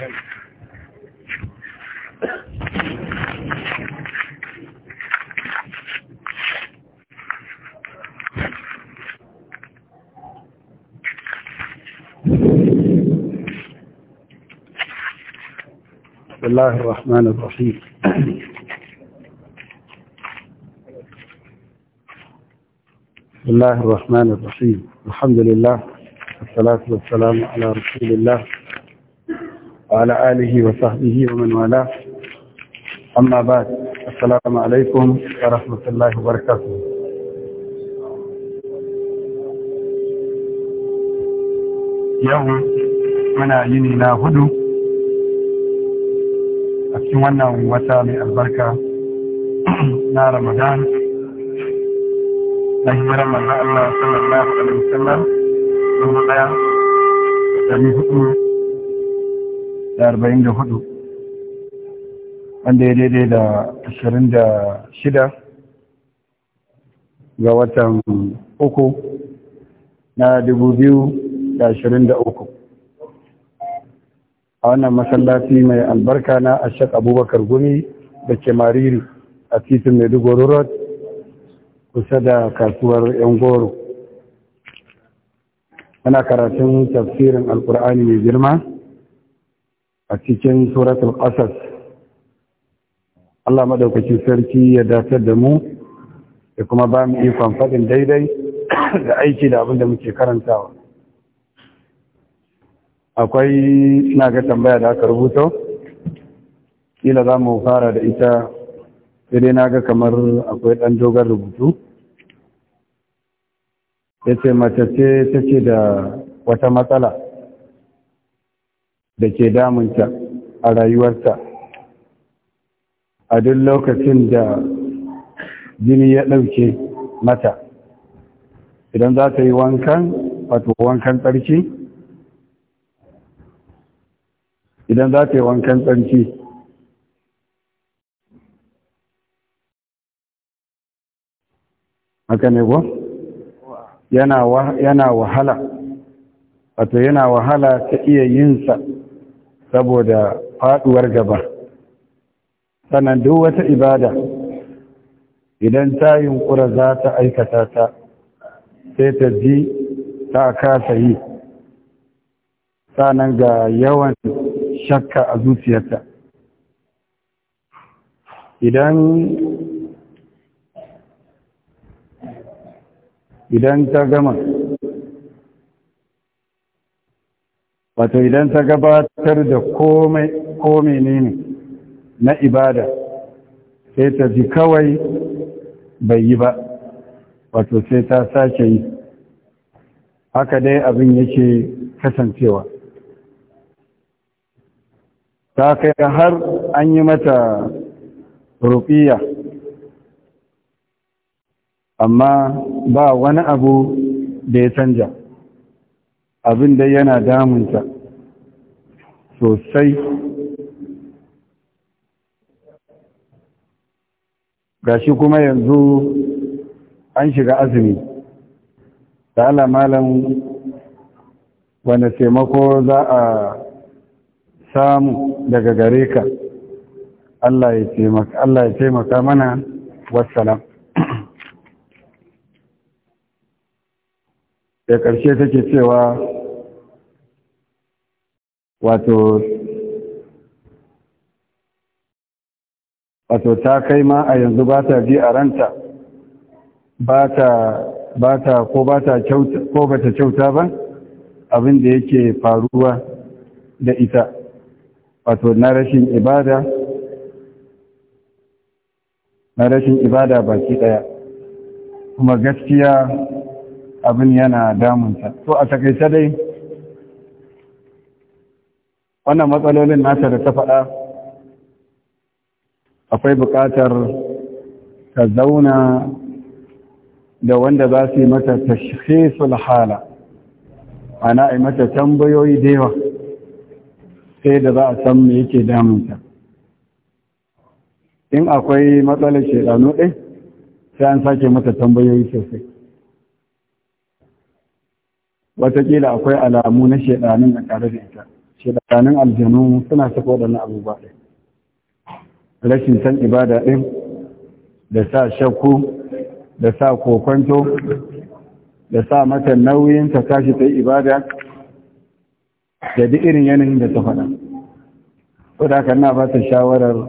بسم الله الرحمن الرحيم بسم الله الرحمن الرحيم الحمد لله والصلاة والسلام على رسول الله وعلى آله وصحبه ومن والاه أما بعد السلام عليكم ورحمة الله وبركاته yau muna yini na hudu a cikin wannan wata mai albarka na ramadan na hijirar manzan Allah sallallahu alaihi wasallam hudu arba'in da hudu wanda ya daidai da ashirin ga watan uku na dubu a wannan masallaci mai albarka na ashek abubakar gumi da ke mariri a titin maiduguri road kusa da kasuwar yan goro ana karatun tafsirin alkur'ani mai girma a cikin suratul qasas Allah madaukaki sarki ya dafar da mu da kuma ba mu ikon faɗin daidai da aiki da abin da muke karantawa akwai ina ga tambaya da aka rubuto kila za mu fara da ita sai dai na ga kamar akwai ɗan dogon rubutu ya ce mace ce take da wata matsala da ke damunta a rayuwarta a duk lokacin da jini ya ɗauke mata idan za ta yi wankan wato wankan tsarki idan za ta yi wankan tsarki haka ne ko yana wahala wato yana wahala ta iya yinsa saboda faduwar gaba sannan duk wata ibada idan ta yunkura za ta aikata ta sai ta ji ta kasa yi sannan ga yawan shakka a zuciyarta idan idan ta gama wato idan ta gabatar da komai ko menene na ibada sai ta ji kawai bai yi ba wato sai ta sake yi haka dai abin yake kasancewa ta kai har an yi mata rufiya amma ba wani abu da ya canja abin da yana damunta sosai gashi kuma yanzu an shiga azumi da alamalan wanda taimako za a samu daga gare ka Allah ya taimaka mana wassalam da ƙarshe take cewa wato wato ta kai ma a yanzu ba ta ji a ranta ba ta ko ba ta kyauta ba abin da yake faruwa da ita wato na rashin ibada na rashin ibada baki ɗaya kuma gaskiya abin yana damunta to a takaice dai wannan matsalolin nata da ta faɗa akwai buƙatar ka zauna da wanda za su yi mata tashkhisul hala ana yi mata tambayoyi da sai da za a san me yake damunta in akwai matsalar shedanu ɗin sai an sake mata tambayoyi sosai watakila akwai alamu na shaidanin da tare da ita shaidanin aljanu suna saka waɗannan abubuwa ɗin rashin san ibada ɗin da sa shakku da sa kokonto da sa mata nauyin ta tashi ta yi ibada da duk irin yanayin da ta faɗa ko kan na ba ta shawarar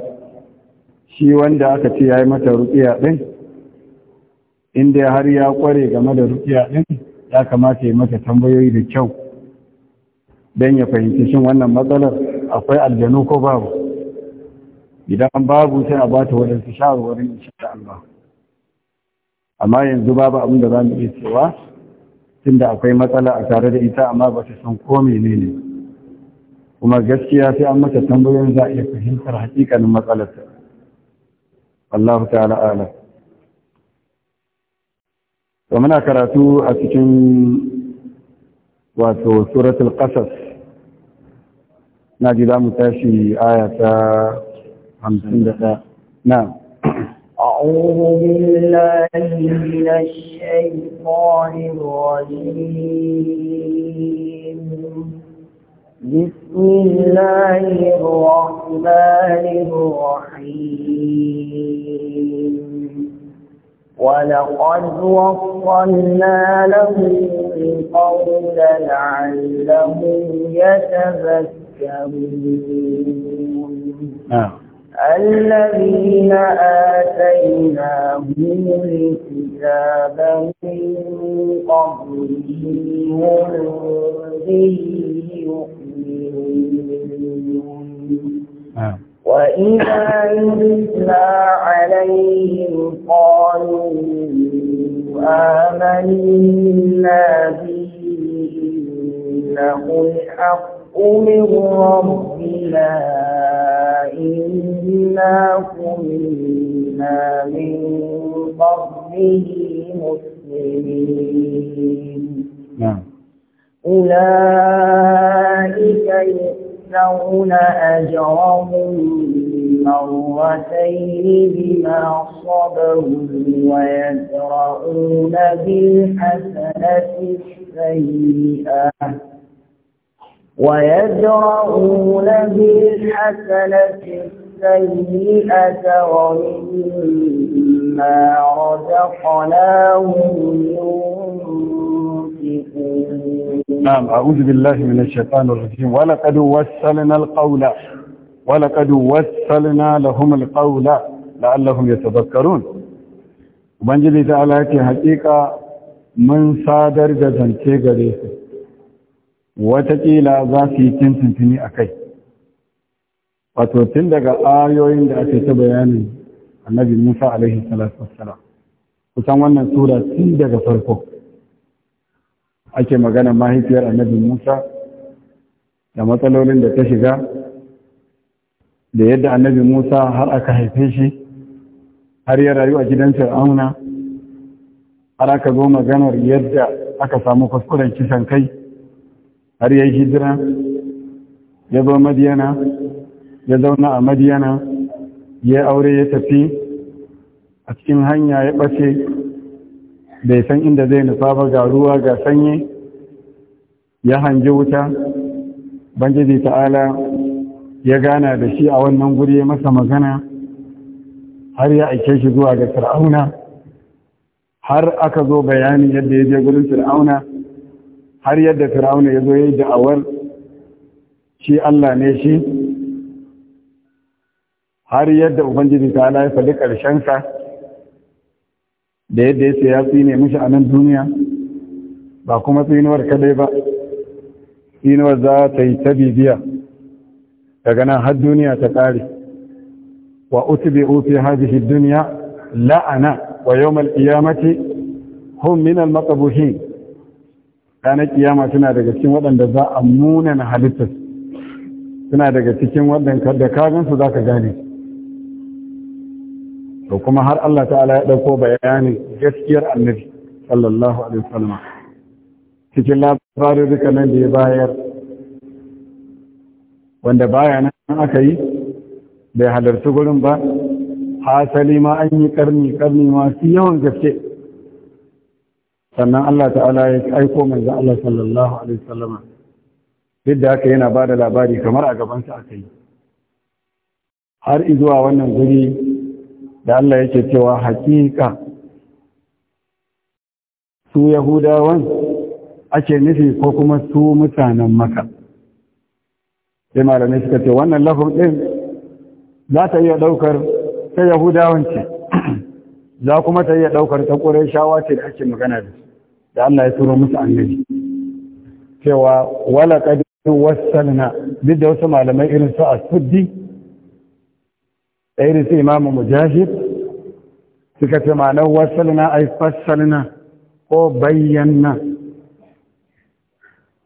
shi wanda aka ce ya yi mata rukiya ɗin inda har ya ƙware game da rukiya ɗin ya kamata ya mata tambayoyi da kyau don ya fahimci shin wannan matsalar akwai aljanu ko babu idan babu sai a bata wadansu shawarwarin da Allah amma yanzu babu abin da za mu iya cewa tun da akwai matsala a tare da ita amma ba ta san ko menene kuma gaskiya sai an mata tambayoyin za a iya fahimtar hakikanin matsalar Allah ta'ala alam to muna karatu a cikin wato suratul qasas na ji za mu tashi aya ta na أعوذ بالله من الشيطان الرجيم بسم الله الرحمن الرحيم ولقد وصلنا لهم القول لعلهم يتذكرون آه. الذين آتيناهم الكتاب من قبله هم به يؤمنون آه. وإذا يتلى عليهم قالوا آمنا به إنه الحق من ربنا إنا كنا من قبله مسلمين نعم. أولئك يؤتون أجرهم مرتين بما صبروا ويدرؤون بالحسنة السيئة ويدرؤون بالحسنة السيئة ومما رزقناهم ينفقون نعم أعوذ بالله من الشيطان الرجيم ولقد وصلنا القول ولقد وصلنا لهم القول لعلهم يتذكرون ubangiji ta alaƙi haƙiƙa mun sadar da zance gare su watakila za su yi tintintini a kai wato tun daga ayoyin da ake ta bayanin annabi musa alaihi kusan wannan tura tun daga farko ake magana mahaifiyar annabi musa da matsalolin da ta shiga da yadda annabi musa har aka haife shi har ya rayu a gidan fir'auna har aka zo maganar yadda aka samu kuskuren kisan kai har ya yi hijira ya zo madiyana ya zauna a madiyana ya aure ya tafi a cikin hanya ya ɓace bai san inda zai nufa ba ga ruwa ga sanyi ya hangi wuta banjiji ta'ala ya gana da shi a wannan guri ya masa magana har ya aike shi zuwa ga fir'auna har aka zo bayanin yadda ya je gurin fir'auna har yadda fir'auna ya zo ya yi da'awar shi Allah ne shi har yadda ubangiji ta'ala ya faɗi ƙarshensa da yadda ya ya tsine mishi a nan duniya ba kuma tsinuwar kadai ba tsinuwar za ta yi ta bibiya daga nan har duniya ta ƙare wa utubi ufi shi duniya la'ana wa yau qiyamati mace? min al maqbuhin ranar kiyama suna daga cikin waɗanda za a munan halittar suna daga cikin waɗanda da kagansu za ka gane da kuma har Allah ta'ala ya ɗauko bayanin gaskiyar annabi sallallahu alaihi wasallam cikin labarin duka nan da ya bayar wanda bayanan nan aka yi bai halarci gurin ba hasali ma an yi karni karni masu yawan gaske sannan Allah ta'ala ya aiko manzo Allah sallallahu alaihi wasallam duk da haka yana ba da labari kamar a gabansa aka yi har izuwa wannan guri da Allah yake cewa hakika su yahudawan ake nufi ko kuma su mutanen maka sai malamai suka ce wannan lafin ɗin za ta iya ɗaukar ta yahudawan ce za kuma ta iya ɗaukar ta ƙurai shawa ce da ake magana da su da Allah ya turo musu annabi cewa wala wasu salina duk da wasu malamai irin su a suddi da irin su imamu mujahid suka ce ma'anar wasalna ai fassalna ko bayyana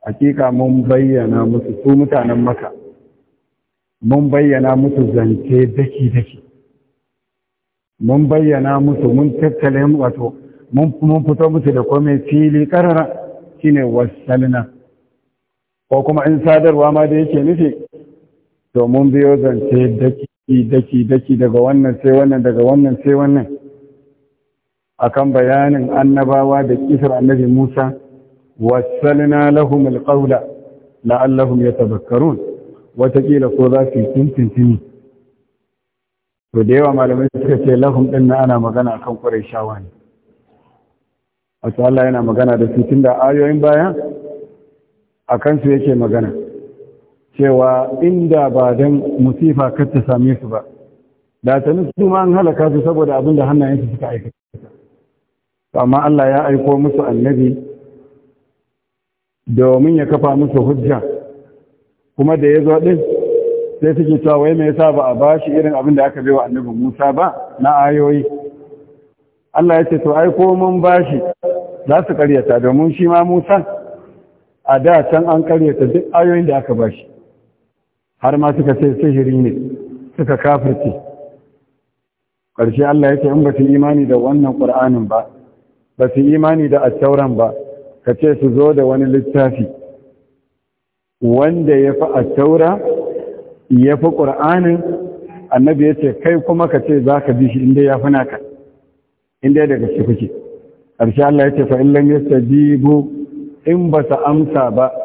hakika mun bayyana musu su mutanen maka mun bayyana musu zance daki-daki mun bayyana musu mun tattale wato mun fito musu da kome fili karara shine wasalna ko kuma in sadarwa ma da yake nufi to mun biyo zance daki daki daki daga wannan sai wannan daga wannan sai wannan akan bayanin annabawa da kisar annabi Musa wasalna lahum alqawla la'allahum yatadhakkarun watakila ko za su tuntuntuni to da yawa malamai suka ce lahum ɗin na ana magana akan qurayshawa ne wato Allah yana magana da su tunda ayoyin baya akan su yake magana cewa inda ba don musifa kar ta same su ba da ta nufi an halaka su saboda abin da hannayensu suka aikata amma Allah ya aiko musu annabi domin ya kafa musu hujja kuma da ya zo ɗin sai suke cewa wai mai yasa ba a ba shi irin abin da aka bai wa annabi Musa ba na ayoyi Allah ya ce to aiko ko mun ba za su karyata domin shi ma Musa a da can an karyata duk ayoyin da aka bashi. har ma suka ce sihiri ne suka kafirce ƙarshe Allah ya ce in ba su imani da wannan ƙur'anin ba ba su imani da attauran ba ka ce su zo da wani littafi wanda ya fi attaura ya fi ƙur'anin annabi ya ce kai kuma ka ce za ka bi shi inda ya fi naka inda daga shi kuke ƙarshe Allah ya ce fa'in ta jibu in ba su amsa ba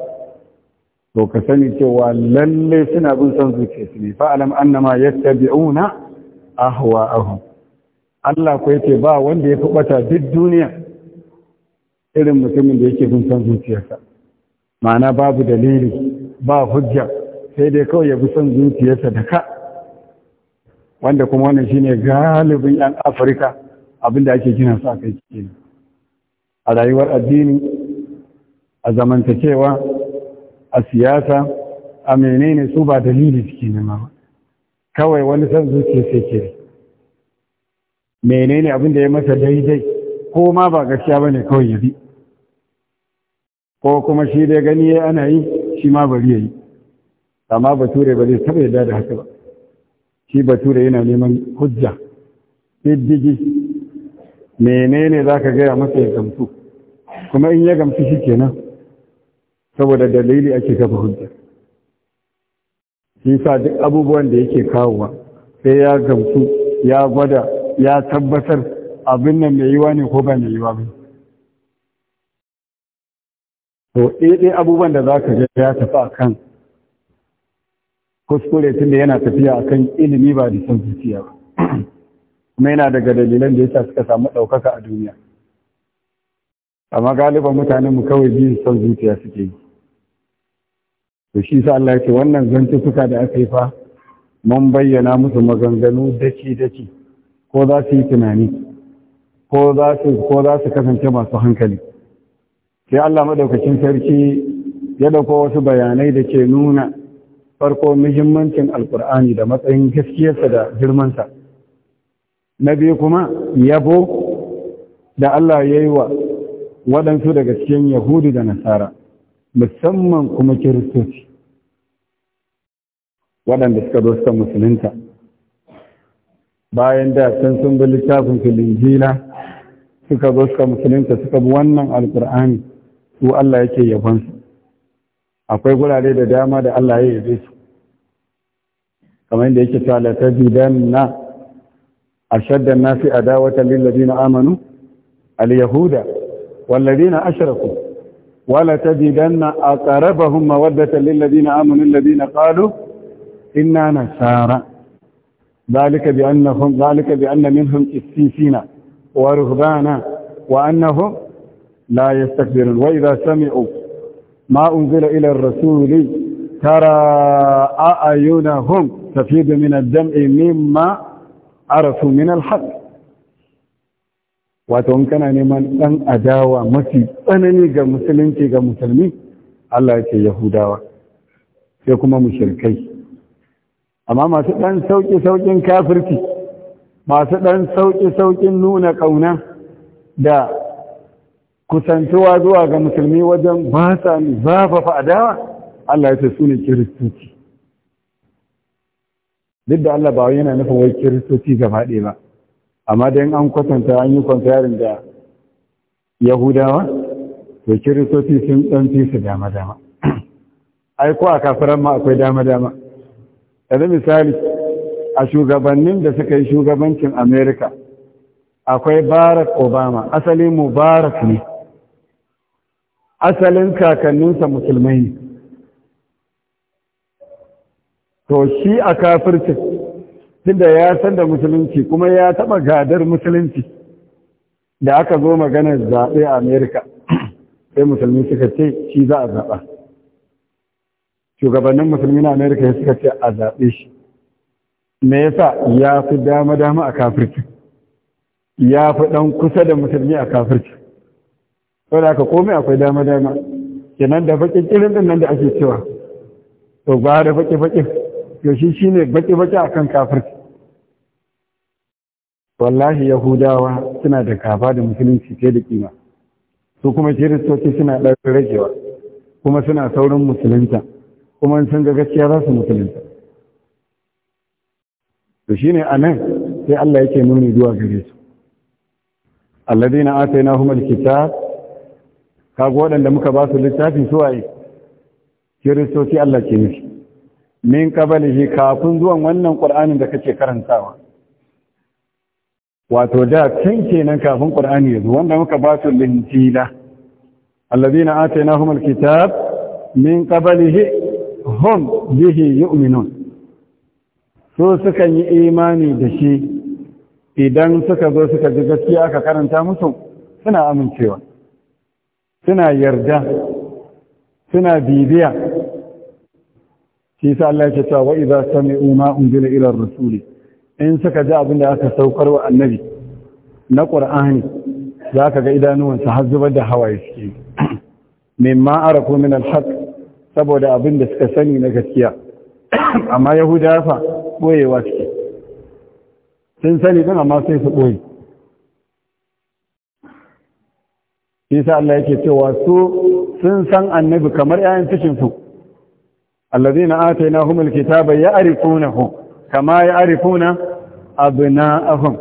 to ka sani cewa lalle suna bin san zuciya su ne fa'alam annama yattabi'una ahwa'ahum Allah ko yake ba wanda ya kubata duk duniya irin mutumin da yake bin san zuciyarsa ma'ana babu dalili ba hujja sai dai kawai ya bi san zuciyarsa da ka wanda kuma wannan shine galibin yan Afirka abinda ake gina sa kai kenan a rayuwar addini a zamantakewa a siyasa a menene su ba dalili suke nema ba kawai wani san zuciya sai ke menene abin da ya masa daidai ko ma ba gaskiya ba ne kawai ya bi ko kuma shi dai gani ya ana yi shi ma bari ya yi amma bature ba zai taɓa yarda da haka ba shi bature yana neman hujja diddigi menene za ka gaya masa ya gamsu kuma in ya gamsu shi kenan saboda dalili ake kafa hujja shi sa duk abubuwan da yake kawowa sai ya gamsu ya gwada ya tabbatar abin nan mai yiwa ne ko ba mai yiwa ba to ɗaiɗai eh, eh, abubuwan da za ka ga ya tafi a kan kuskure tun da yana tafiya a kan ilimi ba da son zuciya ba kuma yana daga dalilan da yasa suka samu ɗaukaka a duniya amma galiban mutanenmu kawai biyu son zuciya suke yi da shi sa Allah ya ce wannan zantuka da aka yi fa mun bayyana musu maganganu daki daki ko za su yi tunani ko za su ko za su kasance masu hankali sai Allah madaukakin sarki ya dauko wasu bayanai da ke nuna farko muhimmancin alkur'ani da matsayin gaskiyarsa da girmansa na biyu kuma yabo da Allah ya yi wa waɗansu daga cikin yahudu da nasara musamman kuma kiristoci waɗanda suka zo suka musulunta bayan da can sun bi littafin filinjila suka zo suka musulunta suka bi wannan alkur'ani su Allah yake yabonsu akwai gurare da dama da Allah ya yabe su kamar yadda yake cewa la na ashadda an-nasi adawatan lil ladina amanu al-yahuda wal ladina ashraku ولتجدن أقربهم مودة للذين آمنوا الذين قالوا إنا نسارا ذلك بأنهم ذلك بأن منهم قسيسين ورهبانا وأنهم لا يستكبرون وإذا سمعوا ما أنزل إلى الرسول ترى أعينهم تفيد من الدمع مما عرفوا من الحق wato in kana neman ɗan adawa mafi tsanani ga musulunci ga musulmi Allah ya ce yahudawa sai kuma mushirkai amma masu ɗan sauƙi-sauƙin kafirci masu ɗan sauƙi-sauƙin nuna ƙauna da kusantuwa zuwa ga musulmi wajen ba sa zafafa adawa Allah ya ce su kiristoci duk da Allah ba yana nufin wai kiristoci gaba ɗaya ba amma dan an kwatanta an yi kwantarin da yahudawa to kiristoci sun ɗan fi su dama-dama ai ko a kafiran ma akwai dama-dama yanzu misali a shugabannin da suka yi shugabancin america akwai barack obama asali mubarak ne asalin kakanninsa musulmai ne to shi a kafircin tunda ya san da musulunci kuma ya taɓa gadar musulunci da aka zo maganar zaɓe a amerika sai musulmi suka ce shi za a zaɓa shugabannin musulmi na amerika suka ce a zaɓe shi me yasa ya fi dama-dama a kafirci ya fi ɗan kusa da musulmi a kafirci sau da aka komai akwai dama-dama kenan da baƙin irin ɗin nan da ake cewa to ba da baƙi-baƙi yaushe shi ne baƙi-baƙi a kan kafirci wallahi yahudawa suna da kafa da musulunci fiye da kima su kuma kiristoci suna ɗan ragewa kuma suna saurin musulunta kuma sun ga gaskiya za su musulunta to a anan sai Allah yake nuni zuwa gare su alladina atainahum alkitab kaga waɗanda muka ba su littafin suwaye kiristoci Allah ke nufi min qablihi kafin zuwan wannan qur'anin da kake karantawa wato da can kenan kafin qur'ani yazo wanda muka ba su linjila na atainahumul kitab min qablihi hum bihi yu'minun so suka yi imani da shi idan suka zo suka ji gaskiya aka karanta musu suna amincewa suna yarda suna bibiya shi sa Allah ya ce wa idza sami'u ma unzila ila rasuli in suka ji abin da aka saukar wa annabi na ƙur'ani za ka ga idanuwansa har zubar da hawaye suke mimma ko min alhaq saboda abin da suka sani na gaskiya amma yahudawa fa ɓoyewa suke sun sani din amma sai su ɓoye. shi sa Allah yake cewa su sun san annabi kamar ‘ya'yan cikinsu, allazina na ata yana kitaba ya kama ya arifuna abna'ahum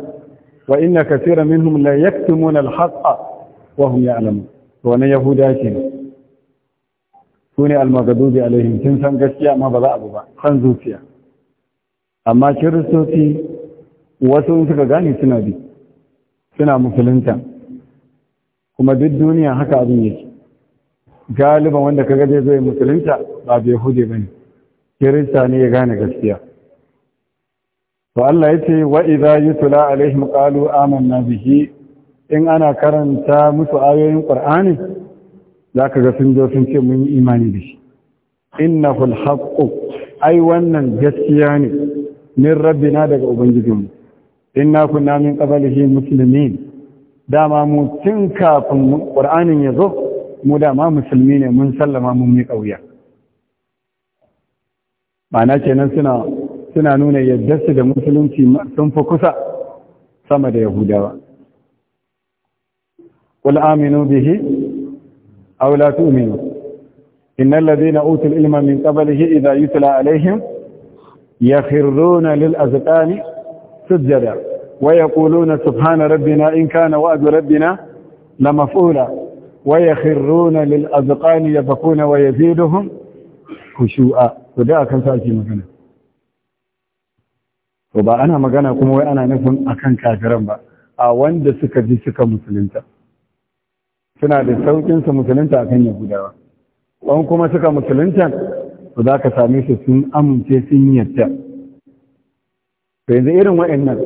wa inna kaseera minhum la yaktumuna al-haqqa wa hum ya'lamun Wani yahuda ce sune al-maghdubi alaihim kin san gaskiya amma ba za a bu ba san zuciya amma kiristoci wasu in suka gane suna bi suna musulunta kuma duk duniya haka abin yake galiban wanda kaga zai zo musulunta ba bai hude ne. kirista ne ya gane gaskiya to Allah yace wa idza yutla alaihim qalu amanna bihi in ana karanta musu ayoyin qur'ani zaka ga sun zo sun ce mun yi imani da shi innahu alhaqqu ai wannan gaskiya ne min rabbina daga ubangijinmu inna kunna min qablihi muslimin dama mu tun kafin qur'anin ya zo mu dama musulmi ne mun sallama mun mi kauya ma'ana kenan suna suna nuna yaddarsu da musulunci sun fi kusa sama da yahudawa قل آمنوا به أو لا تؤمنوا إن الذين أوتوا العلم من قبله إذا يتلى عليهم يخرون للأذقان سجدا ويقولون سبحان ربنا إن كان وعد ربنا لمفعولا ويخرون للأذقان يبكون ويزيدهم خشوعا وده أكثر شيء مثلا to ba ana magana kuma wai ana nufin akan kafiran ba a wanda suka ji suka musulunta suna da saukin su musulunta akan yahudawa wani kuma suka musulunta to za ka same su sun amince sun yarda to yanzu irin waɗannan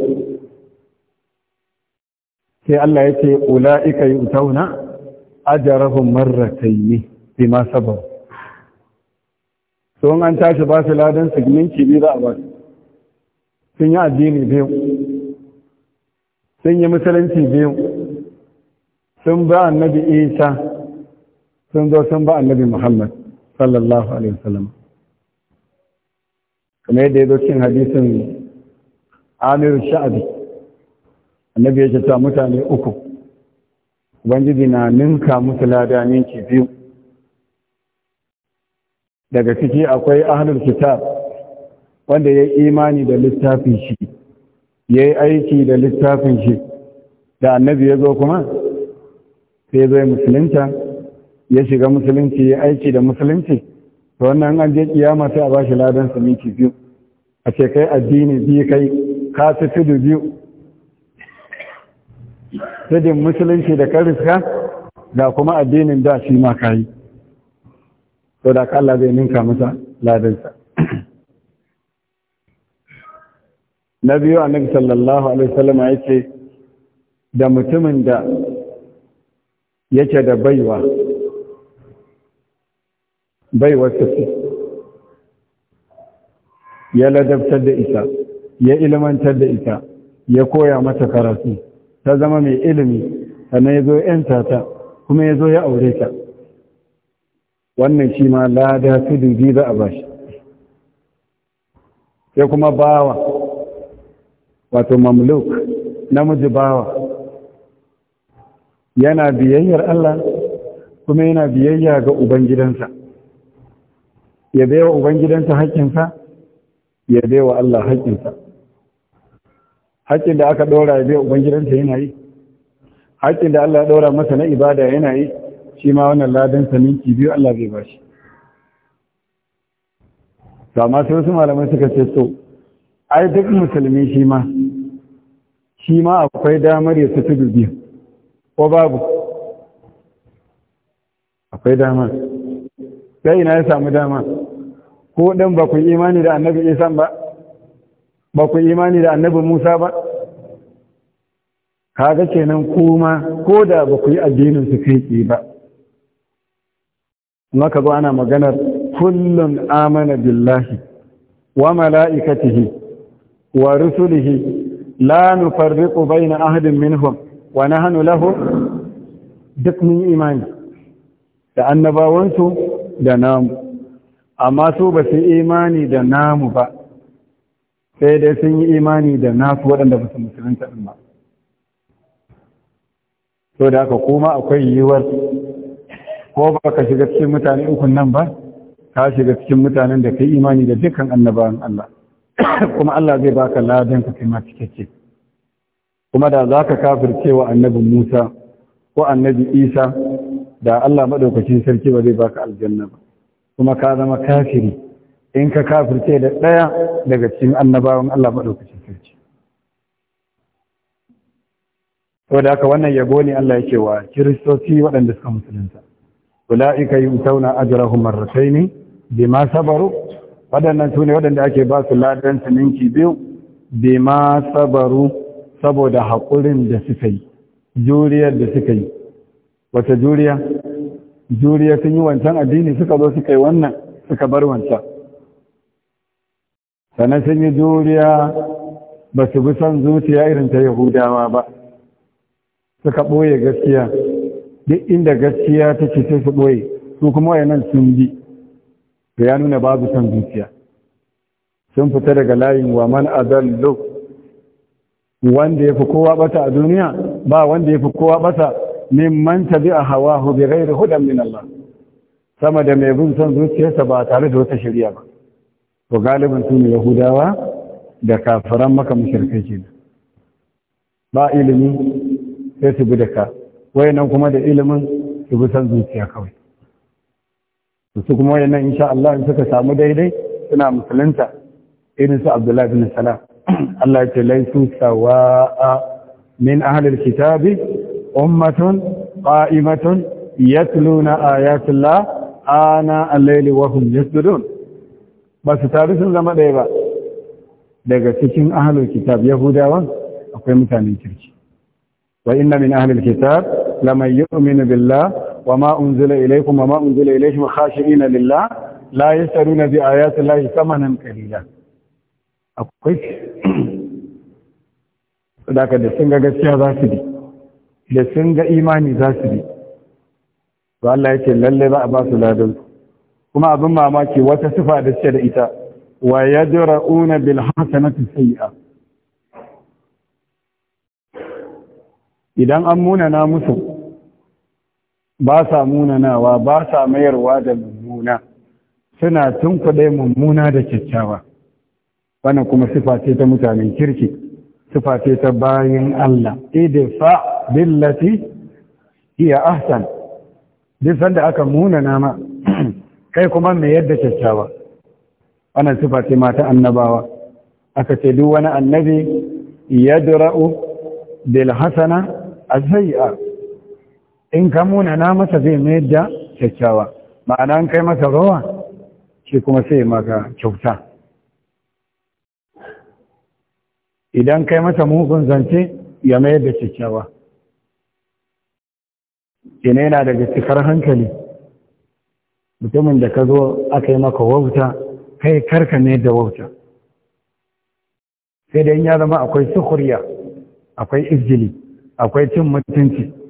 sai Allah ya ce ula'ika yu'tauna ajrahum marratayn bima sabaru to an tashi ba su ladan su minci biyu za a ba su sun yi addini biyu sun yi musulunci biyu sun ba annabi isa sun zo sun ba annabi muhammad sallallahu alaihi wasallam kuma yadda ya zo cin hadisin amiru sha'abi annabi ya ce ta mutane uku ubangiji na ninka musu lada ninki biyu daga ciki akwai ahlul kitab wanda ya imani da littafin shi ya yi aiki da littafin shi da annabi ya zo kuma sai zai musulunta ya shiga musulunci ya aiki da musulunci to wannan an je kiyama sai a ba shi ladan minti biyu a ce kai addini biyu kai ka fi tudu biyu tudun musulunci da kariska da kuma addinin da shi ma ka yi to da ka Allah zai ninka masa ladansa na biyu nan sallallahu alaihi wasallam ya ce da mutumin da yake da baiwa baiwa sassi ya ladabtar da ita ya ilimantar da ita ya koya mata karatu ta zama mai ilimi sannan ya zo yanta ta kuma ya zo ya aure ta wannan shi ma lada su dubi za a bashi ya kuma bawa wato mamluk namiji bawa yana biyayyar Allah kuma yana biyayya ga ubangidansa ya baiwa ubangidansa haƙƙinsa ya baiwa Allah haƙƙinsa haƙƙin da aka ɗora ya baiwa ubangidansa yana yi haƙƙin da Allah ya ɗora masa na ibada yana yi shi ma wannan ladansa minti biyu Allah zai ba shi amma sai wasu malamai suka ce so ai duk musulmi shi ma shi ma akwai damar ya fito biyu ko babu akwai damar sai ina ya samu dama ko dan ba ku imani da annabi Isa ba ba ku imani da annabi Musa ba kaga kenan kuma ko da ba ku yi addinin su kai ba ka zo ana maganar kullun amana billahi wa mala'ikatihi wa rusulihi la nufarriqu baina ahadin minhum wa nahnu lahu duk mun imani da annabawansu da namu amma su ba su imani da namu ba sai dai sun yi imani da nasu waɗanda ba su musulunta ɗin ba to da haka kuma akwai yiwuwar ko ba ka shiga cikin mutane ukun nan ba ka shiga cikin mutanen da ka imani da dukkan annabawan Allah kuma Allah zai baka ladan ka kai ma cikakke kuma da za ka kafirce wa annabi Musa ko annabi Isa da Allah madaukakin sarki ba zai baka aljanna ba kuma ka zama kafiri in ka kafirce da ɗaya daga cikin annabawan Allah madaukakin sarki to da haka wannan yabo ne Allah yake wa kiristoci waɗanda suka musulunta ulaika yumtauna ajrahum marrataini bima sabaru waɗannan su ne waɗanda ake ba su ladan ninki biyu bi ma sabaru saboda haƙurin da suka yi juriyar da suka yi wata juriya juriya sun yi wancan addini suka zo suka yi wannan suka bar wancan sannan sun yi juriya ba su bi son zuciya irin ta yahudawa ba suka ɓoye gaskiya duk inda gaskiya take sai su ɓoye su kuma wayannan sun bi da ya nuna babu son zuciya sun fita daga layin wa man adallu wanda yafi kowa bata a duniya ba wanda yafi kowa bata mimman tabi'a hawahu bi ghairi hudan min Allah sama da mai bin son zuciyarsa ba tare da wata shari'a ba to galibin su ne yahudawa da kafiran maka mushrikai kenan ba ilimi sai su bi da ka wayannan kuma da ilimin su bi son zuciya kawai su kuma wayannan sha Allah in suka samu daidai suna musulunta irin su Abdullah bin Salam Allah ya ce laisu sawa'a min ahli alkitabi ummatun qa'imatun yatluna ayatillah ana al-layli wa hum yasjudun ba su taru sun zama ɗaya ba daga cikin ahlul kitab yahudawa akwai mutanen kirki wa inna min ahlil kitab laman yu'minu billah وما أنزل إليكم وما أنزل إليهم خاشعين لله لا يسألون بآيات الله ثمنا قليلا أقول ذاك da sun ga gaskiya za su bi da ga imani za su bi to Allah yake lalle za a ba su kuma abin mamaki wata sifa da ce da ita wa yadra'una bil hasanati idan an na musu ba sa munanawa ba sa mayarwa da mummuna suna tun kudai mummuna da kyakkyawa wannan kuma sifa ce ta mutanen kirki sifa ta bayan Allah idfa billati hiya ahsan duk sanda aka munana ma kai kuma mai yadda kyakkyawa wannan sifa ce mata annabawa aka ce duk wani annabi yadra'u bil hasana in ka muna na masa zai mayar da kyakkyawa ma'ana kai masa rawa, shi kuma sai maka kyauta idan kai masa mugun zance ya mayar da kyakkyawa ina yana daga cikar hankali mutumin da ka zo aka yi maka wauta kai karka mayar da wauta sai da in ya zama akwai sukuriya akwai izgili akwai cin mutunci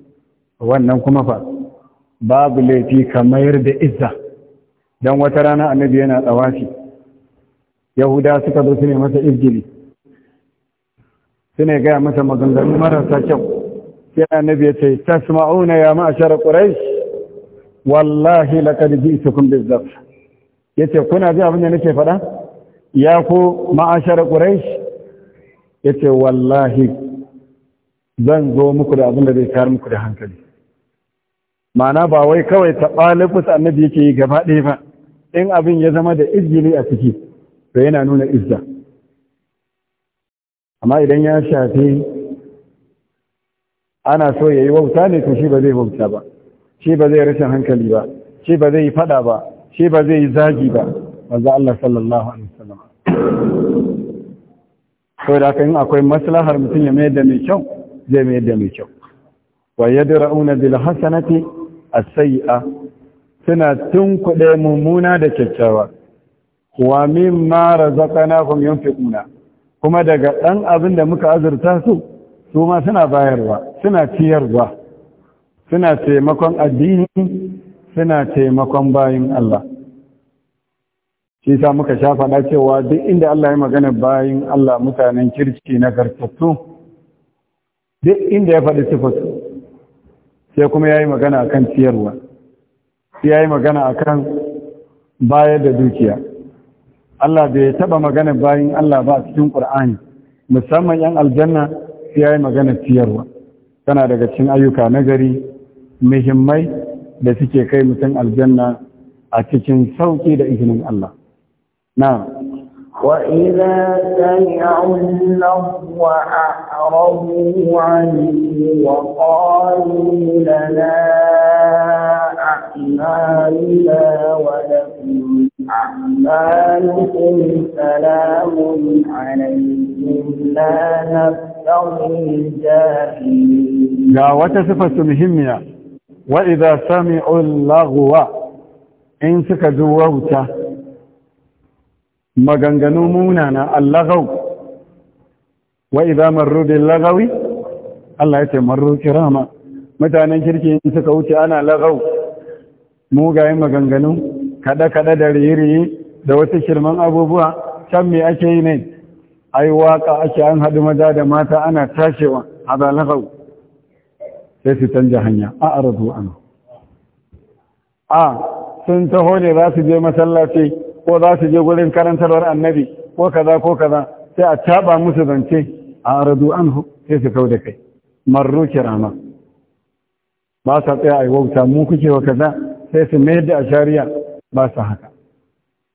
wannan kuma fa babu laifi ka mayar da izza don wata rana annabi yana tsawafi yahuda suka zo su ne masa izgili ne gaya masa maganganu marasa kyau sai annabi ya ce tasma'una ya ma'ashar quraish wallahi laqad ji'tukum bizzaf yace kuna ji abin da nake faɗa ya ku ma'ashar quraish yace wallahi zan zo muku da abin da zai tayar muku da hankali ma'ana ba wai kawai taɓa lafis annabi yake yi gaba ɗaya ba in abin ya zama da izgili a ciki to yana nuna izza amma idan ya shafi ana so ya yi wauta ne to shi ba zai wauta ba shi ba zai rashin hankali ba shi ba zai yi faɗa ba shi ba zai yi zagi ba wanzu Allah sallallahu alaihi wasallam to da kan akwai maslahar mutum ya mayar da mai kyau zai mayar da mai kyau wa yadra'una bil hasanati as-sayyi'a suna kuɗe mummuna da kyakkyawa wa mimma razaqnahum yunfiquna kuma daga ɗan abin da muka azurta su su ma suna bayarwa suna ciyarwa suna taimakon addini suna taimakon bayin Allah shi sa muka sha faɗa cewa duk inda Allah ya magana bayin Allah mutanen kirki na gartattu duk inda ya faɗi sifatu, sai kuma ya yi magana a kan ciyarwa ya yi magana a kan bayar da dukiya Allah bai taɓa magana bayan Allah ba a cikin ƙur'ani musamman 'yan aljanna sai ya yi magana ciyarwa tana daga cikin ayyuka na gari muhimmai da suke kai mutum aljanna a cikin sauƙi da izinin Allah na وإذا سمعوا اللغو أعرضوا عنه وقالوا لنا أعمالنا ولكم أعمالكم سلام عليكم لا نبتغي الجاهلين. لا وتصفة مهمة وإذا سمعوا اللغو إن سكتوا ووتا maganganu munana allagaw wa idan marru bil lagawi Allah ya ce marru kirama mutanen kirki suka wuce ana lagaw mugayen maganganu kada kada da riri da wasu shirman abubuwa can me ake yi ne ai waka ake an haɗu maza da mata ana tashewa ba lagau sai su canja hanya a arzu an a sun taho ne za su je masallaci ko za su je gurin karantarwar annabi ko kaza ko kaza sai a caba musu zance a radu anhu sai su kau da kai marru kirama ba sa tsaya a yi wauta mu kuke wa kaza sai su mayar da ashariya ba sa haka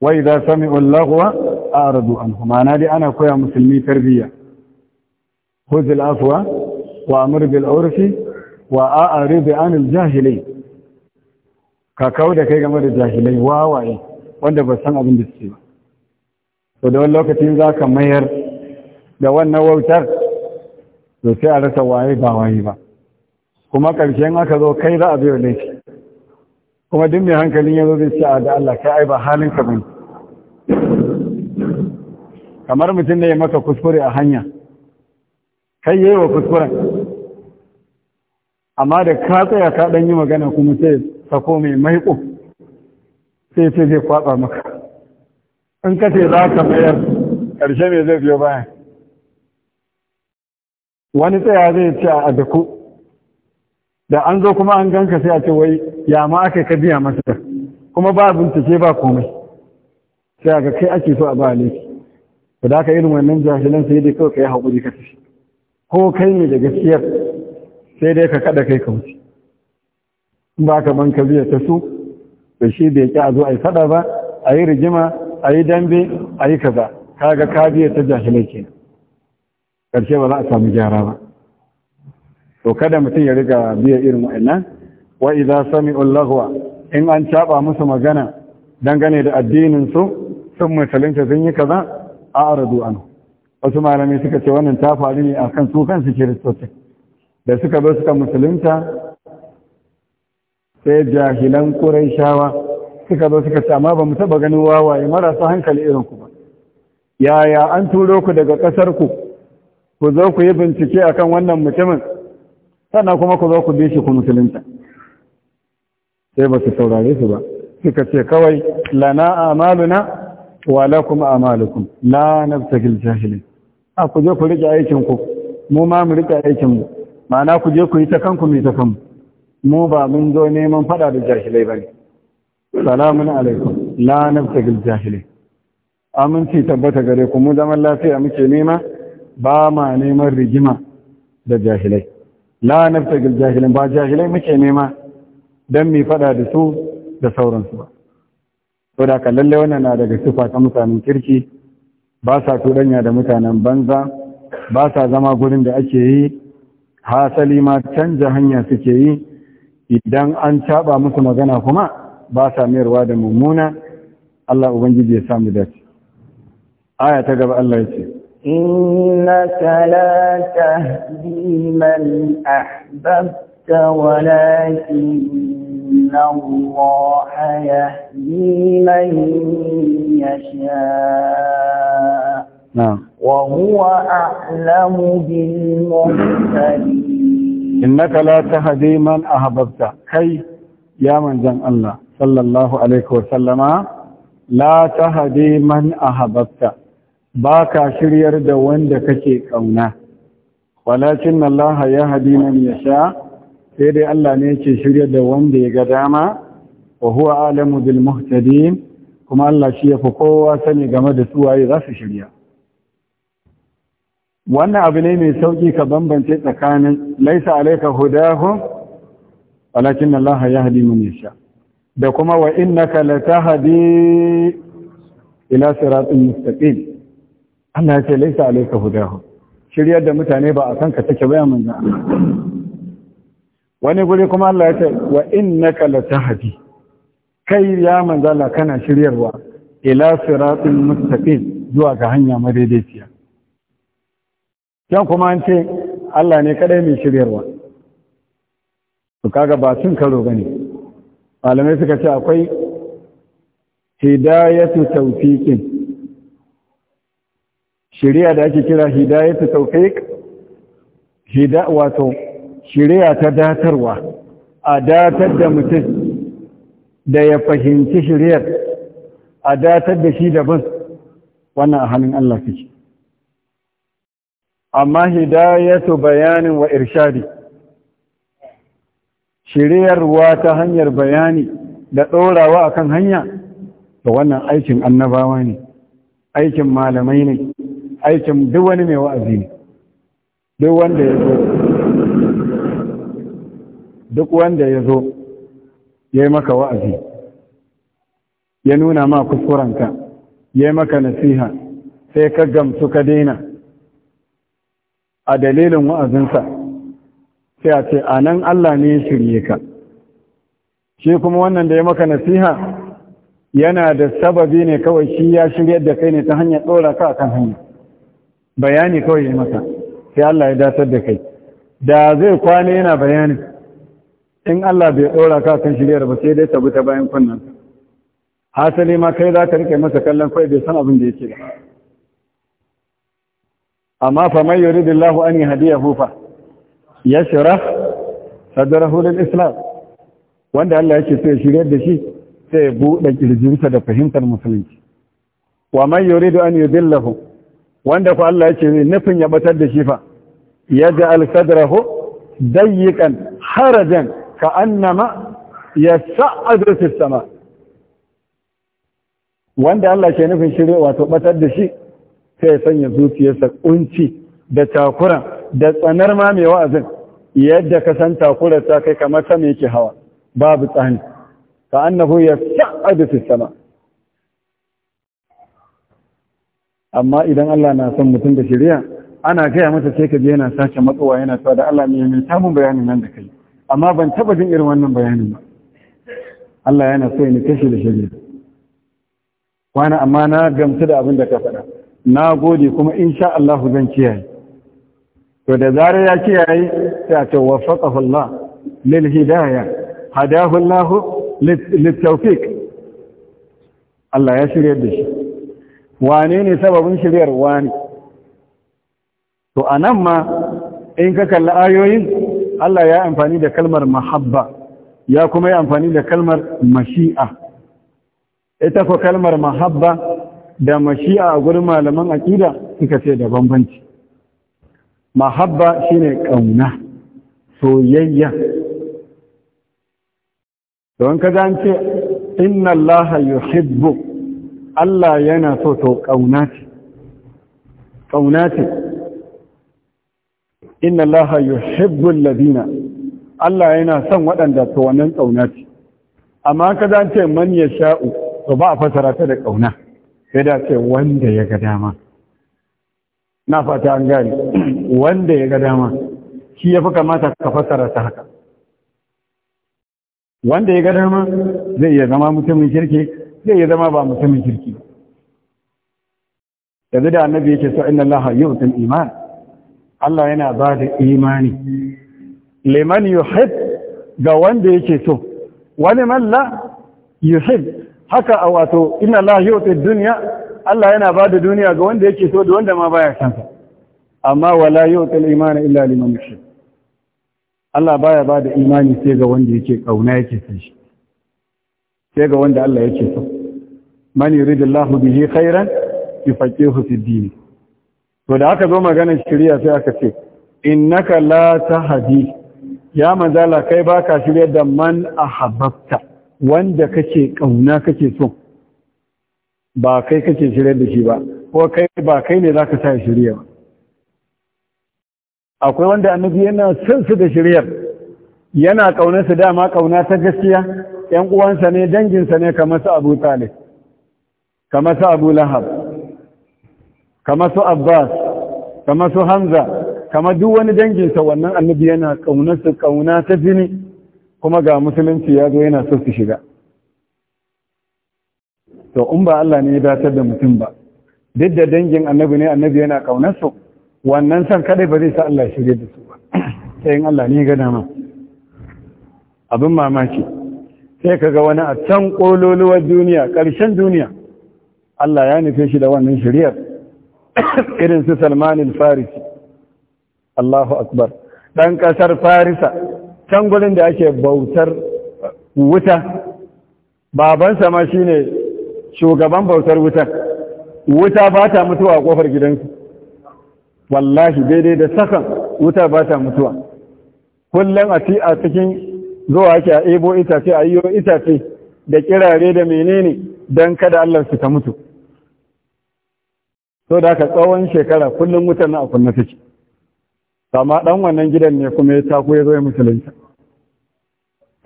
Wai za sami ullahuwa a radu an hu ma'ana dai ana koya musulmi tarbiyya khudh al wa amur bil wa a'rid an jahilai ka kau da kai game da jahilai wawaye wanda ba san abin da suke ba to da wani lokacin za ka mayar da wannan wautar to sai a rasa waye ba waye ba kuma ƙarshen aka zo kai za a biyo laifi kuma duk mai hankalin ya zo zai ce a da Allah kai ai ba halin ka bane kamar mutum ne ya maka kuskure a hanya kai yayi wa kuskuren amma da ka tsaya ka dan yi magana kuma sai sako mai maiƙo sai ce zai kwaba maka in ka ce za ka mayar ƙarshe mai zai biyo baya wani tsaya zai ce a daku da an zo kuma an ganka sai a ce wai ya ma aka ka biya masa kuma ba bincike ba komai sai ga kai ake so a ba laifi ba da ka irin wannan jahilan sai dai kawai ka yi haƙuri ka tafi ko kai ne da gaskiyar sai dai ka kaɗa kai ka wuce in ba ka ban ka biya ta su da shi bai ƙi a zo a yi faɗa ba a yi rigima a yi dambe a yi kaza kaga ka ta jahilai ke ƙarshe ba za a samu gyara ba to kada mutum ya riga biya irin wa'annan wa idza sami'u lahwa in an caba musu magana dangane da addinin su sun musulunta sun yi kaza a aradu an wasu malamai suka ce wannan ta faru ne akan su kansu kiristoci da suka bar suka musulunta sai jahilan shawa suka zo suka ce amma ba mu taɓa ganin wawaye marasa hankali irin ku ba yaya an turo ku daga ƙasar ku Ku zo ku yi bincike akan wannan mutumin sannan kuma ku zo ku bi shi ku musulunta sai ba su saurare su ba suka ce kawai lana amaluna wa lakum amalukum la nabtagil jahilin a ah, ku je ku rike aikin ku mu ma mu rike aikin mu ma'ana ku je ku yi ta kanku mu ta kanmu mu ba mun zo neman fada da jahilai ba ne salamun alaikum la gil jahilai aminci tabbata gare ku mu zaman lafiya muke nema ba ma neman rigima da jahilai la gil jahilai. ba jahilai muke nema don mi fada da su da sauransu ba to da ka lalle wannan na daga sufa ta mutanen kirki ba sa tudanya da mutanen banza ba sa zama gurin da ake yi hasali ma canja hanya suke yi idan an taɓa musu magana kuma ba sa mayarwa da mummuna Allah Ubangiji ya samu dace aya ta gaba Allah ya ce innaka la tahdi man ahbabta walakin Allah man yasha wa huwa a'lamu bil muhtadin innaka la tahdi man ahbabta kai ya manzon Allah sallallahu alaihi wa sallama la tahdi man ahbabta baka shiryar da wanda kake kauna walakin Allah yahdi man yasha sai dai Allah ne yake shiryar da wanda ya ga dama wa huwa alamu bil muhtadin kuma Allah shi yafi kowa sani game da su waye za su shirya wannan abu ne mai sauƙi ka bambance tsakanin laisa alaika hudahum walakin Allah yahdi man yasha da kuma wa innaka latahdi ila siratin mustaqim Allah ya ce laisa alaika hudahum shiryar da mutane ba a san ka take baya manzo wani guri kuma Allah ya ce wa innaka latahdi kai ya manzo Allah kana shiryarwa ila siratin mustaqim zuwa ga hanya madaidaiciya can kuma an ce Allah ne kadai mai shiryarwa su kaga ba sun karo bane malamai suka ce akwai hidayatu da ake kira hidayatu wato shari'a ta datarwa a datar da mutum da ya fahimci shiryar a datar da shi daban wannan a hannun Allah suke amma hidayatu bayanin wa irshadi shiryarwa ta hanyar bayani da ɗorawa akan hanya da wannan aikin annabawa ne aikin malamai ne aikin duk wani mai wa'azi ne duk wanda ya zo duk wanda ya zo ya yi maka wa'azi ya nuna ma kuskurenka ya yi maka nasiha sai ka gamsu ka daina a dalilin wa'azinsa sai a ce a nan Allah ne shirye ka shi kuma wannan da ya maka nasiha yana da sababi ne kawai shi ya shirye da kai ne ta hanyar ɗora ka kan hanyar, bayani kawai ya maka sai Allah ya datar da kai da zai kwane yana bayani in Allah bai ɗora ka kan shiryar ba sai dai tabi ta bayan kunnan hasali ma kai za ka rike masa kallon kai bai san abin da yake ba amma fa man yuridillahu an yahdiyahu ya shira sadrahu lil islam wanda Allah yake so ya shirye da shi sai ya buɗe kirjinsa da fahimtar musulunci wa man da an yudillahu wanda ko Allah yake nufin ya batar da shi fa yaj'al sadrahu dayyikan harajan ka'annama ya fis sama wanda Allah ke nufin shirye wato batar da shi sai ya sanya zuciyarsa kunci da takura da tsanar ma mai wa'azin yadda ka san takurar ta kai kamar sama yake hawa babu tsani ka annahu ya sa'adu fi sama amma idan Allah na son mutum da shirya ana gaya masa sai ka je yana sace matsuwa yana tsawa da Allah mai mai samun bayanin nan da kai amma ban taba jin irin wannan bayanin ba Allah yana so ya kashi da shirya wani amma na gamsu da abin da ka faɗa na gode kuma insha Allah zan kiyaye to da zarar ya kiyaye sai a ce waffaqahu Allah lil hidayah hadahu Allah lit tawfik Allah ya shirye da shi wane ne sababin shiryar wani to anan ma in ka kalli ayoyin Allah ya amfani da kalmar mahabba ya kuma yi amfani da kalmar mashi'a ita ko kalmar mahabba da mashi'a a gurin malaman aƙida suka ce da bambanci mahabba shine ƙauna soyayya don ka za ce inna allaha yuhibbu Allah yana so to ƙauna ce ƙauna ce inna allaha yuhibbu alladhina Allah yana son waɗanda to wannan ƙauna ce amma ka za ce man sha’u, to ba a fasara ta da ƙauna sai da ce wanda ya ga dama na fata an gani wanda ya ga dama shi ya fi kamata ka fassara ta haka wanda ya ga dama zai iya zama mutumin kirki zai iya zama ba mutumin kirki yanzu da annabi yake so inna Allah yu'til iman Allah yana ba da imani liman yuhib ga wanda yake so wani man la yuhib haka a wato ina la wata duniya, Allah yana ba da duniya ga wanda yake so da wanda ma baya kansa amma wala yuti wata iman illa liman shi Allah baya ba da imani sai ga wanda yake kauna yake san shi sai ga wanda Allah yake so man yuridullahu bihi khairan yufaqihu fi din to da aka zo magana shari'a sai aka ce innaka la tahdi ya manzala kai baka shirya da man ahabbata wanda kake ƙauna kake so ba kai kake shirya da shi ba ko kai ba kai ne za ka sa shirya ba akwai wanda annabi yana son su da shiryar yana ƙaunarsa dama ƙauna ta gaskiya ‘yan uwansa ne danginsa ne kamar su abu talib kamar su abu lahab kamar su abbas kamar su hamza kamar duk wani danginsa wannan annabi yana ƙaunarsa ƙauna ta jini kuma ga musulunci ya zo yana so su shiga to in ba Allah ne ya datar da mutum ba duk da dangin annabi ne annabi yana kaunar su wannan san kadai ba zai sa Allah ya shirye da su ba sai in Allah ne ya gada ma abin mamaki sai ka ga wani a can kololuwar duniya ƙarshen duniya Allah ya nufe shi da wannan shiriyar irin su salmanin farisi Allahu akbar ɗan ƙasar Farisa can gudun da ake bautar wuta babansa ma ne shugaban bautar wuta wuta ba ta mutuwa a kofar gidansu wallahi daidai da sakan wuta ba ta mutuwa kullum a cikin zuwa ake a ebo itace a yiwo itace da kirare da menene don kada Allah su ta mutu so da aka tsawon shekara kullum wutan na a kunna take amma ɗan wannan gidan ne kuma ya tako ya zo ya musulunta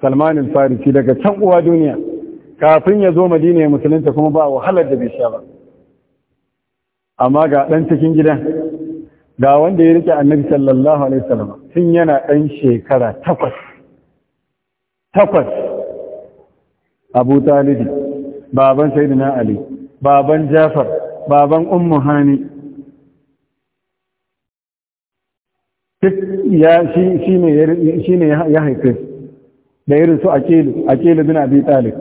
Salman farisi daga can uwa duniya kafin ya zo Madina ya musulunta kuma ba wahalar da bai sha ba amma ga dan cikin gidan ga wanda ya rike Annabi sallallahu alaihi wasallam tun yana dan shekara takwas takwas Abu Talib baban Sayyidina Ali baban Jafar baban Ummu Hani duk ya shi ne ya haife da irin su akilu akilu bin abi talib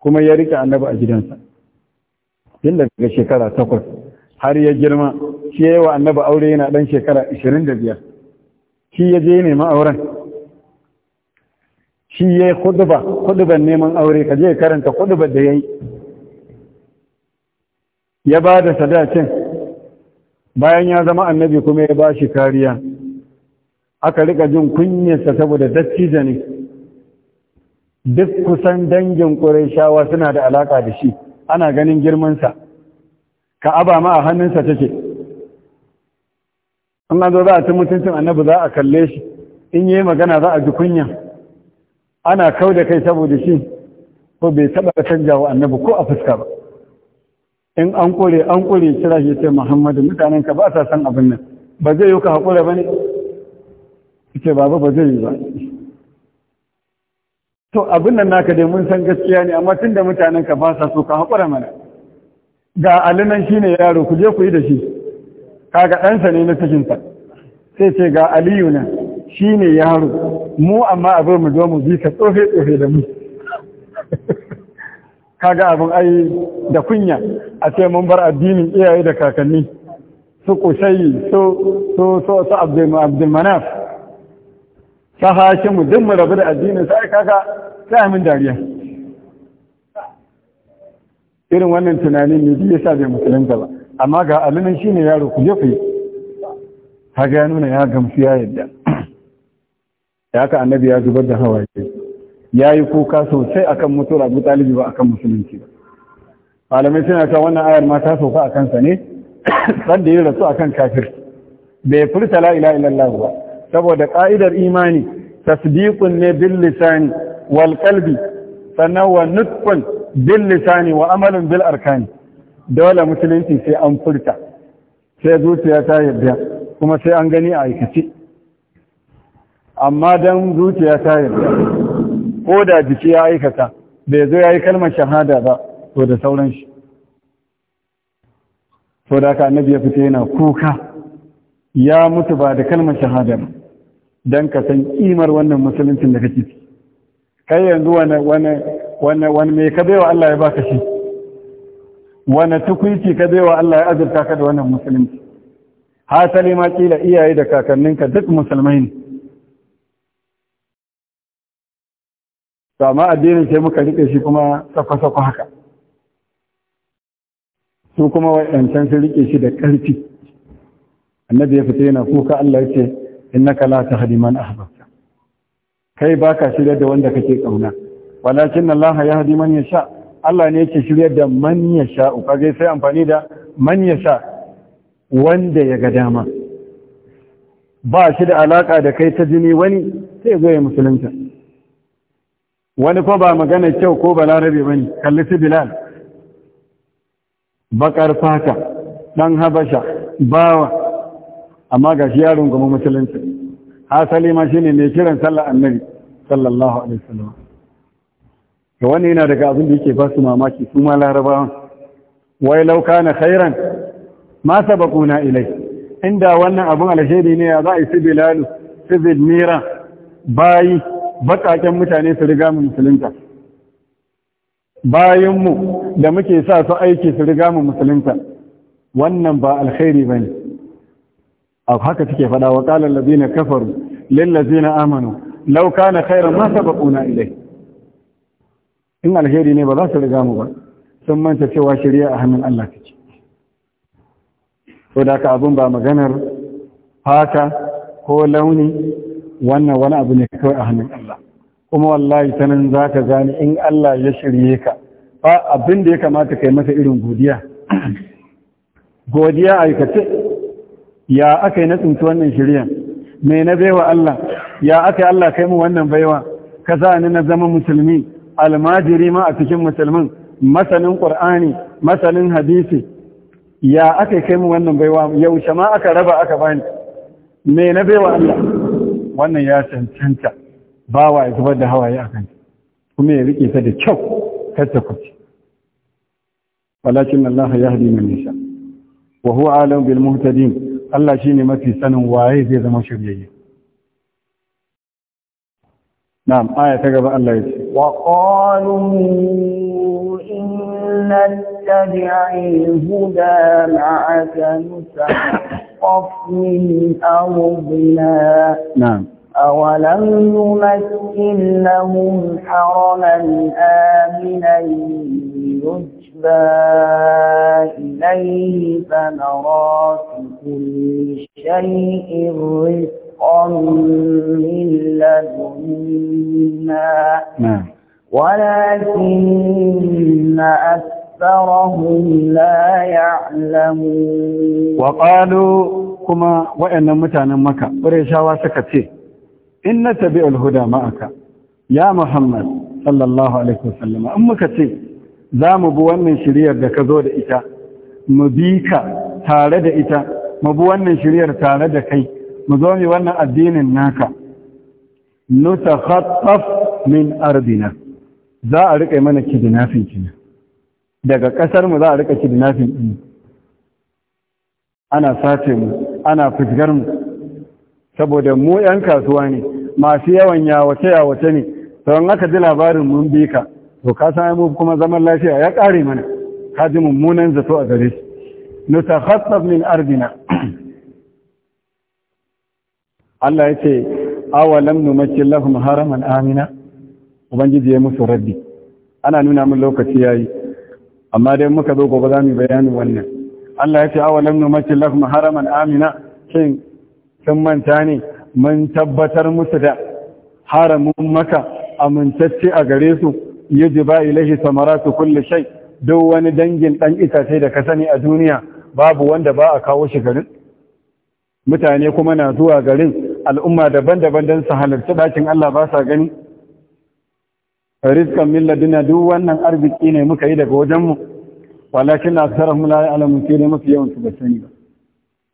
kuma ya rike annabi a gidansa tun daga shekara takwas har ya girma shi ya yi wa annabi aure yana ɗan shekara 25 shi ya je nema auren shi ya yi kuduba kuduban neman aure ka je karanta kudubar da ya yi ya ba da sadacin bayan ya zama annabi kuma ya ba shi kariya aka rika jin kunyarsa saboda da ne duk kusan dangin ƙurayshawa suna da alaƙa da shi ana ganin girmansa ka ma a hannunsa take in an zo za a ci mutuncin annabi za a kalle shi in yi magana za a ji kunya ana kau da kai saboda shi ko bai taɓa canjawa annabi ko a fuska ba in an kore an kore kira shi sai muhammadu mutanen ka ba sa san abin nan ba zai yi ka haƙura ba ne ce baba ba zai yi ba to abin nan naka dai mun san gaskiya ne amma tun da mutanen ka ba sa so ka haƙura mana ga alinan shi ne yaro ku je ku yi da shi kaga ɗansa ne na cikinsa sai ce ga aliyu na shi ne yaro mu amma abin mu zo mu bi ka tsofe tsofe da mu kaga abin ai da kunya a ce mun bar addinin iyaye da kakanni su kushayi su su su su abdulmanaf ta mu duk rabu da addinin sai kaga sai amin dariya irin wannan tunanin ne duk yasa bai musulun ba amma ga alimin shine yaro ku kuje ya nuna ya gamsu ya yadda Ya haka annabi ya zubar da hawaye ya yi kuka sosai a kan mutuwar abu talibi ba a kan musulunci ba malamai suna cewa wannan ayar ma ta sofa a kansa ne ɗan da ya rasu kan kafir bai furta la'ila, illallah ba saboda ƙa'idar imani tasdiqun ne bil lisani wal qalbi sannan wa nutqun bil lisani wa amalun bil arkani dole musulunci sai an furta sai zuciya ta yarda kuma sai an gani a aikace amma dan zuciya ta yarda ko da jiki ya aikata bai zo ya yi kalmar shahada ba to da sauran shi to da ka annabi ya fita yana kuka ya mutu ba da kalmar shahada ba don ka san kimar wannan musuluncin da kake kai yanzu wani mai ka baiwa Allah ya baka shi wani tukunci ka baiwa Allah ya azurta ka da wannan musulunci hasali ma kila iyaye da kakanninka duk musulmai ne amma addinin sai muka rike shi kuma sakwa-sakwa haka su kuma wa'yancan sun rike shi da ƙarfi annabi ya fita yana kuka Allah ce innaka la tahdi ahbabta kai baka shirya da wanda kake kauna walakin Allah yahdi man yasha Allah ne yake shirya da man yasha zai sai amfani da man yasha wanda ya ga dama ba shi da alaka da kai ta jini wani sai zo ya musulunta wani ko ba magana kyau ko ba larabe ba ne kalli su bilal bakar fata ɗan habasha bawa amma ga shi yaron gama musulunci hasali ma shi ne mai kiran sallar annabi sallallahu alaihi wasallam Da wani yana daga abin da yake ba su mamaki su ma larabawan wai lauka na khairan ma na ilai inda wannan abun alheri ne ya za a yi su bilalu su bayi baƙaƙen mutane su riga mu musulunta bayanmu da muke sa su aiki su riga mu musulunta wannan ba alkhairi ba ne a haka suke faɗa wa ƙalar lazina kafaru lillazina amanu lauka na khairar masa baƙuna ilai in alheri ne ba za su riga mu ba sun manta cewa shirya a hannun Allah take so da ka abin ba maganar fata ko launi wannan wani abu ne kawai a hannun Allah kuma wallahi sanin za ka gani in Allah ya shirye ka ba abin da ya kamata kai masa irin godiya godiya aikace ya aka yi na tsinci wannan shirya? me na baiwa Allah ya aka yi Allah kai mu wannan baiwa ka sa ni na zama musulmi almajiri ma a cikin musulmin masanin ƙur'ani, masanin hadisi ya aka kai mu wannan baiwa yaushe ma aka raba aka bani me na baiwa Allah wannan ya cancanta bawa ya zubar da hawaye a kanta kuma ya rike ta da kyau kar ta kwace walakin Allah ya hadi man yasha wa huwa alam bil muhtadin Allah shine mafi sanin waye zai zama shiryayye na'am aya ta gaba Allah ya ce wa qalu inna nattabi'al huda ma'aka nusa تسقط من أرضنا نعم أولم نمكن لهم حرما آمنا يجبى إليه ثمرات كل شيء رزقا من لدنا نعم ولكن أكثرهم لا يعلمون وقالوا كما وإن متانا مكة وريشاوا سكتي إن تبع الهدى معك يا محمد صلى الله عليه وسلم أمك تي za mu bi wannan shiriyar da ka zo da ita mu bi ka tare da ita mu bi wannan shiriyar tare da kai mu zo wannan addinin naka nutakhattaf min ardina za a riƙa mana kidinafin kina daga ƙasar mu za a riƙa kidinafin ɗin ana sace mu ana fitgar mu saboda mu 'yan kasuwa ne masu yawan yawace yawace ne To in aka ji labarin mun bi ka to ka san mu kuma zaman lafiya ya ƙare mana ka ji mummunan zato a gare shi nutakhassab min ardina Allah ya ce awalam numakkin lahum haraman amina ubangiji ya musu rabbi ana nuna min lokaci yayi amma dai muka zo gobe za mu bayanin wannan Allah ya ce awalam numakin lakum haraman amina shin sun manta ne mun tabbatar musu da haramun maka amintacce a gare su yaji ba ilahi samaratu kulli shay duk wani dangin dan itace da ka sani a duniya babu wanda ba a kawo shi garin mutane kuma na zuwa garin al'umma daban-daban don su halarci ɗakin Allah ba sa gani rizqan milladina duk wannan arziki ne muka yi daga wajen mu walakin aktharuhum la ya'lamun sai mafi yawan su ba sani ba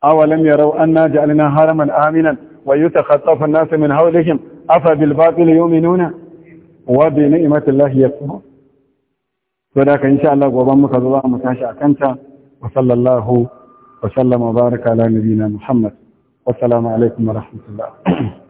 awalam yarau anna ja'alna haraman aminan wa yatakhatafu an-nasu min hawlihim afa bil batil nuna. wa bi ni'mati llahi yakfurun to da ka insha Allah gobe muka zo mu tashi a kanta wa sallallahu wa sallama baraka ala na muhammad wa salamu alaikum wa rahmatullah